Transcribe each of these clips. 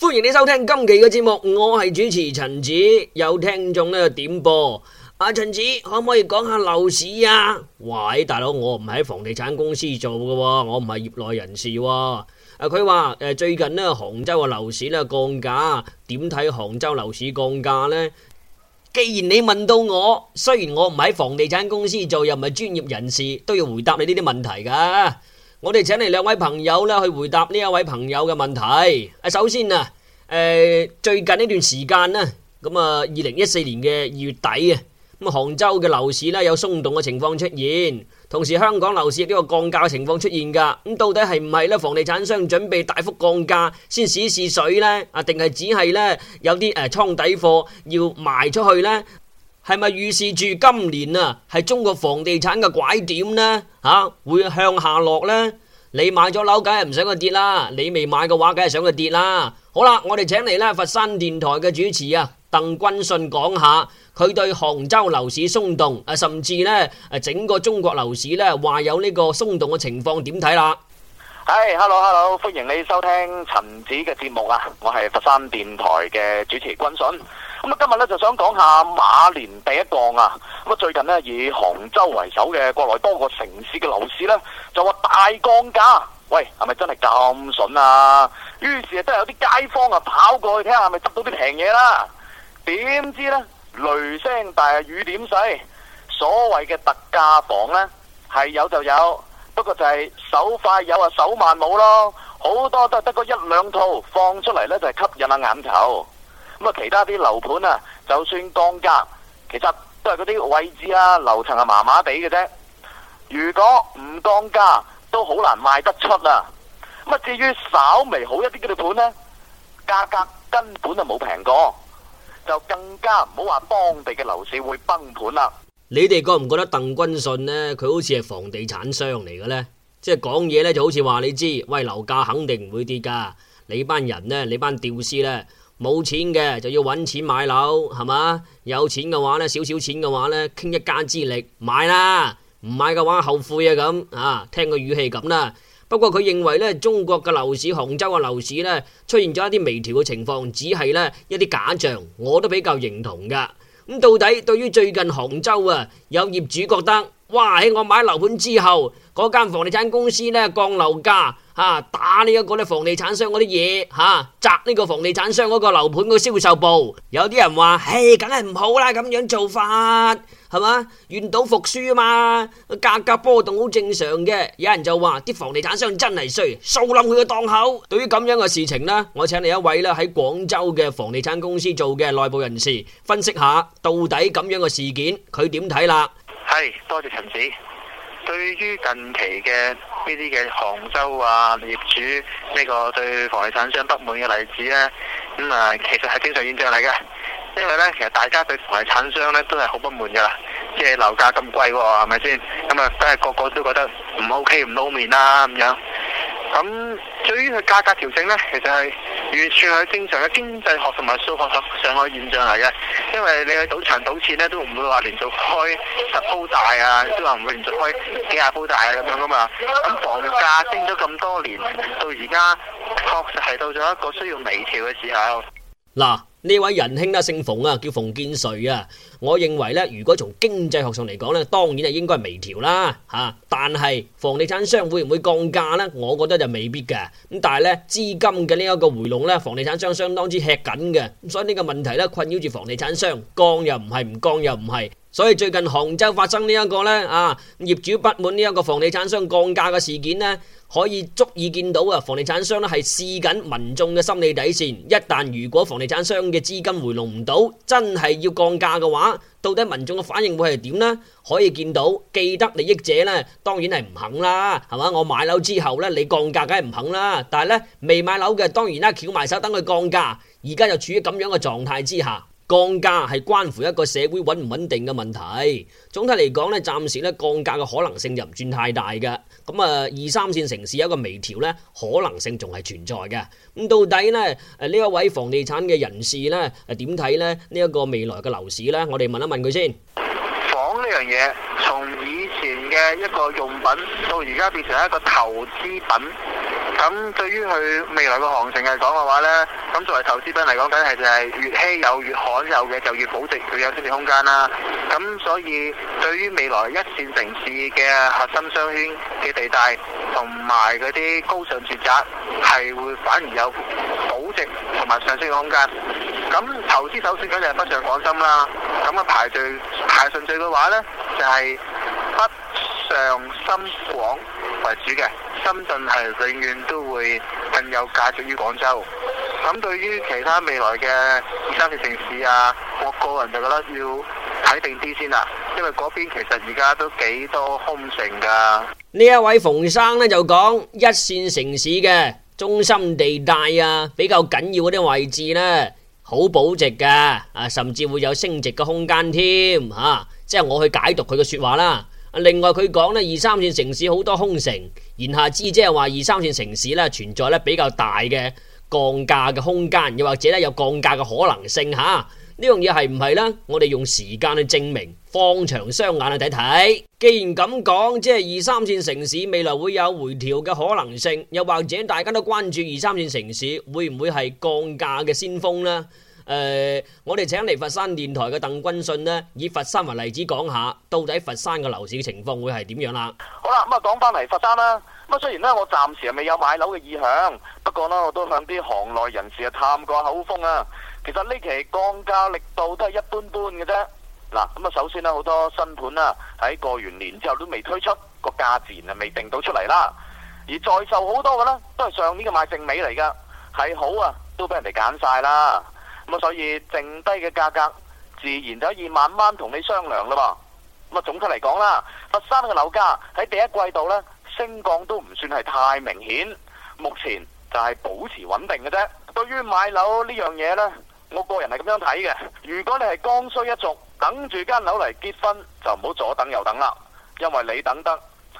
歡迎你收聽今期嘅節目，我係主持陳子，有聽眾呢點播，阿、啊、陳子可唔可以講下樓市啊？喂，大佬，我唔喺房地產公司做嘅，我唔係業內人士。啊，佢話誒，最近呢，杭州嘅樓市呢降價，點睇杭州樓市降價呢？既然你問到我，雖然我唔喺房地產公司做，又唔係專業人士，都要回答你呢啲問題噶。我哋請嚟兩位朋友啦，去回答呢一位朋友嘅問題。啊，首先啊，誒、呃，最近呢段時間啊，咁、呃、啊，二零一四年嘅二月底啊，咁啊，杭州嘅樓市咧有鬆動嘅情況出現，同時香港樓市亦都有降價嘅情況出現噶。咁到底係唔係咧？房地產商準備大幅降價先試一試水咧？啊，定係只係咧有啲誒倉底貨要賣出去咧？係咪預示住今年啊，係中國房地產嘅拐點呢？吓、啊、會向下落呢？你買咗樓，梗係唔想佢跌啦；你未買嘅話，梗係想佢跌啦。好啦，我哋請嚟咧，佛山電台嘅主持啊，鄧君信講下佢對杭州樓市鬆動，誒，甚至咧整個中國樓市咧，話有呢個鬆動嘅情況，點睇啦？係，hello hello，歡迎你收聽陳子嘅節目啊，我係佛山電台嘅主持君信。咁啊，今日咧就想講下馬年第一降啊！咁啊，最近呢，以杭州為首嘅國內多個城市嘅樓市呢，就話大降價。喂，係咪真係咁筍啊？於是啊，都有啲街坊啊跑過去睇下，係咪執到啲平嘢啦？點知呢，雷聲大，雨點細。所謂嘅特價房呢，係有就有，不過就係手快有啊，手慢冇咯。好多都係得個一兩套放出嚟呢，就係吸引下眼球。咁啊，其他啲樓盤啊，就算降價，其實都係嗰啲位置啊、樓層係麻麻地嘅啫。如果唔降價，都好難賣得出啊。乜至於稍微好一啲啲盤呢，價格根本就冇平過，就更加唔好話當地嘅樓市會崩盤啦。你哋覺唔覺得鄧君信呢？佢好似係房地產商嚟嘅呢？即係講嘢呢就好似話你知，喂，樓價肯定唔會跌噶。你班人你呢？你班屌絲呢？冇錢嘅就要揾錢買樓，係嘛？有錢嘅話咧，少少錢嘅話咧，傾一家之力買啦。唔買嘅話後悔啊咁啊，聽個語氣咁啦。不過佢認為呢，中國嘅樓市、杭州嘅樓市呢，出現咗一啲微調嘅情況，只係呢一啲假象，我都比較認同噶。咁到底對於最近杭州啊，有業主覺得？哇！喺我買樓盤之後，嗰間房地產公司呢，降樓價，吓打呢一個呢房地產商嗰啲嘢，吓砸呢個房地產商嗰、啊、個樓盤嗰個銷售部。有啲人話：唉，梗係唔好啦，咁樣做法係嘛？願賭服輸啊嘛，價格波動好正常嘅。有人就話：啲房地產商真係衰，掃冧佢個檔口。對於咁樣嘅事情呢，我請你一位呢喺廣州嘅房地產公司做嘅內部人士分析下，到底咁樣嘅事件佢點睇啦？係，多謝陳子。對於近期嘅呢啲嘅杭州啊業主呢，呢個對房地產商不滿嘅例子呢，咁，嗯，啊其實係正常現象嚟嘅。因為呢，其實大家對房地產商呢都係好不滿噶啦，即係樓價咁貴喎，係咪先？咁啊，都係，嗯，個個都覺得唔 OK，唔撈面啦咁樣。咁，嗯，至於佢價格調整呢，其實係。完全係正常嘅經濟學同埋數學上上嘅現象嚟嘅，因為你去賭場賭錢咧都唔會話連續開十鋪大啊，都話唔會連續開幾廿鋪大啊咁樣噶嘛。咁房價升咗咁多年，到而家確實係到咗一個需要微調嘅時候啦。啊呢位仁兄姓馮啊，叫馮建瑞啊。我認為呢，如果從經濟學上嚟講呢，當然係應該微調啦，吓、啊。但係房地產商會唔會降價呢？我覺得就未必嘅。咁但係呢，資金嘅呢一個回籠呢，房地產商相當之吃緊嘅，所以呢個問題呢，困擾住房地產商，降又唔係，唔降又唔係。所以最近杭州發生呢、這、一個咧啊業主不滿呢一個房地產商降價嘅事件咧，可以足以見到啊房地產商咧係試緊民眾嘅心理底線。一旦如果房地產商嘅資金回籠唔到，真係要降價嘅話，到底民眾嘅反應會係點呢？可以見到，既得利益者咧，當然係唔肯啦，係嘛？我買樓之後咧，你降價梗係唔肯啦。但係咧未買樓嘅，當然啦，翹埋手等佢降價。而家就處於咁樣嘅狀態之下。降價係關乎一個社會穩唔穩定嘅問題。總體嚟講咧，暫時咧降價嘅可能性就唔算太大嘅。咁啊，二三線城市有一個微調，呢可能性仲係存在嘅。咁到底咧呢一位房地產嘅人士呢，誒點睇呢？呢一個未來嘅樓市呢？我哋問一問佢先。房呢樣嘢，從以前嘅一個用品，到而家變成一個投資品。咁對於佢未來個行情嚟講嘅話呢，咁作為投資品嚟講，梗係就係越稀有越罕有嘅就越保值，佢有升值空間啦。咁所以對於未來一線城市嘅核心商圈嘅地帶同埋嗰啲高尚住宅，係會反而有保值同埋上升嘅空間。咁投資首選梗係北上廣深啦。咁啊排序排順序嘅話呢，就係、是上深廣為主。另外佢講呢，二三線城市好多空城，言下之即係話二三線城市呢存在呢比較大嘅降價嘅空間，又或者呢有降價嘅可能性吓，呢樣嘢係唔係呢？我哋用時間去證明，放長雙眼去睇睇。既然咁講，即係二三線城市未來會有回調嘅可能性，又或者大家都關注二三線城市會唔會係降價嘅先鋒呢？誒、呃，我哋請嚟佛山電台嘅鄧君信呢，以佛山為例子講下，到底佛山嘅樓市嘅情況會係點樣啦？好啦，咁啊講翻嚟佛山啦。咁雖然呢，我暫時係未有買樓嘅意向，不過呢，我都向啲行內人士啊探過口風啊。其實呢期降價力度都係一般般嘅啫。嗱，咁啊，首先呢，好多新盤啊喺過完年之後都未推出，個價錢啊未定到出嚟啦。而在售多好多嘅呢，都係上年嘅賣剩尾嚟噶，係好啊都俾人哋揀晒啦。咁，所以剩低嘅價格自然就可以慢慢同你商量啦噃。咁啊，總體嚟講啦，佛山嘅樓價喺第一季度咧，升降都唔算係太明顯，目前就係保持穩定嘅啫。對於買樓呢樣嘢咧，我個人係咁樣睇嘅。如果你係剛需一族，等住間樓嚟結婚，就唔好左等右等啦，因為你等得，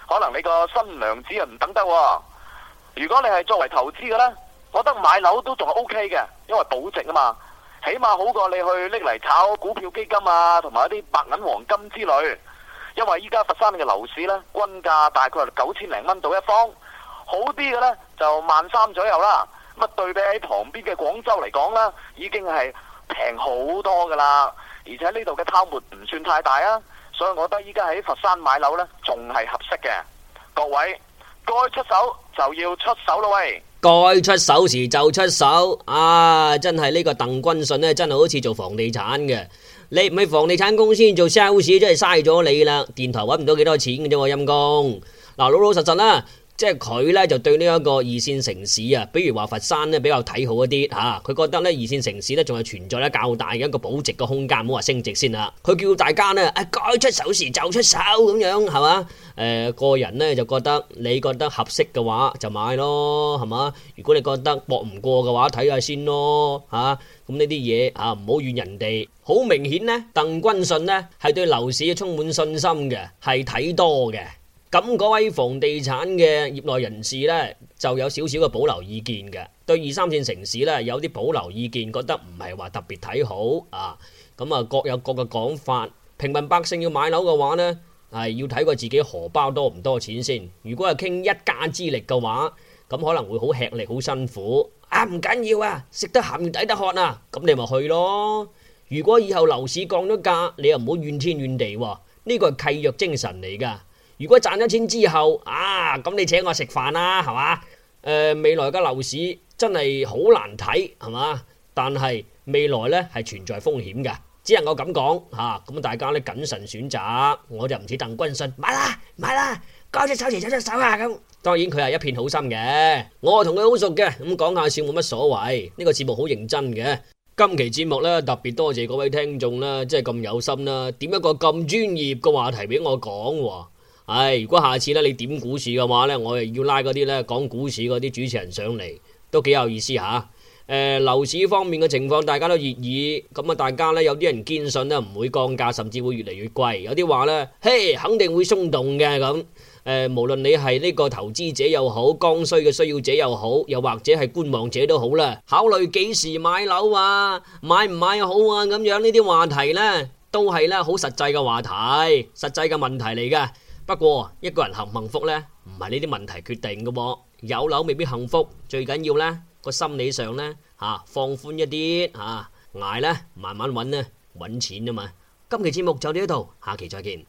可能你個新娘子啊唔等得，啊。如果你係作為投資嘅咧，我覺得買樓都仲係 OK 嘅，因為保值啊嘛。起碼好過你去拎嚟炒股票基金啊，同埋一啲白銀黃金之類。因為依家佛山嘅樓市呢，均價大概係九千零蚊到一方，好啲嘅呢就萬三左右啦。咁啊，對比喺旁邊嘅廣州嚟講呢，已經係平好多噶啦。而且呢度嘅泡沫唔算太大啊，所以我覺得依家喺佛山買樓呢，仲係合適嘅。各位該出手就要出手啦喂！該出手時就出手，啊！真係呢個鄧君信咧，真係好似做房地產嘅。你唔係房地產公司做 sales，真係嘥咗你啦。電台揾唔到幾多錢嘅啫，我陰公。嗱，老老實實啦。即係佢咧就對呢一個二線城市啊，比如話佛山咧比較睇好一啲嚇，佢、啊、覺得咧二線城市咧仲係存在咧較大嘅一個保值嘅空間，唔好話升值先啦。佢叫大家咧，啊，該出手時就出手咁樣，係嘛？誒、呃、個人咧就覺得，你覺得合適嘅話就買咯，係嘛？如果你覺得搏唔過嘅話，睇下先咯，嚇、啊。咁、啊、呢啲嘢嚇唔好怨人哋。好明顯咧，鄧君信咧係對樓市充滿信心嘅，係睇多嘅。咁嗰位房地產嘅業內人士呢，就有少少嘅保留意見嘅，對二三線城市呢有啲保留意見，覺得唔係話特別睇好啊。咁啊，各有各嘅講法。平民百姓要買樓嘅話呢，係要睇過自己荷包多唔多錢先。如果係傾一家之力嘅話，咁可能會好吃力好辛苦啊。唔緊要啊，食得鹹魚抵得渴啊。咁你咪去咯。如果以後樓市降咗價，你又唔好怨天怨地喎。呢個係契約精神嚟㗎。如果賺咗錢之後啊，咁你請我食飯啦，係嘛？誒，未來嘅樓市真係好難睇，係嘛？但係未來咧係存在風險嘅，只能夠咁講吓。咁大家咧謹慎選擇，我就唔似鄧君信買啦，買啦，交隻手，前交隻手啊！咁當然佢係一片好心嘅，我同佢好熟嘅，咁講下笑冇乜所謂。呢個節目好認真嘅，今期節目咧特別多謝各位聽眾啦，真係咁有心啦，點一個咁專業嘅話題俾我講喎。唉、哎，如果下次咧，你點股市嘅話咧，我又要拉嗰啲咧講股市嗰啲主持人上嚟，都幾有意思吓。誒、啊，呃、樓市方面嘅情況大家都熱議，咁啊，大家咧有啲人堅信咧唔會降價，甚至會越嚟越貴。有啲話咧，嘿，肯定會鬆動嘅咁。誒、呃，無論你係呢個投資者又好，剛需嘅需要者又好，又或者係觀望者都好啦，考慮幾時買樓啊，買唔買好啊，咁樣呢啲話題咧都係咧好實際嘅話題，實際嘅問題嚟㗎。不過一個人幸唔幸福咧，唔係呢啲問題決定嘅，有樓未必幸福，最緊要咧個心理上咧吓、啊、放寬一啲吓，挨、啊、咧慢慢揾咧揾錢啊嘛，今期節目就到呢度，下期再見。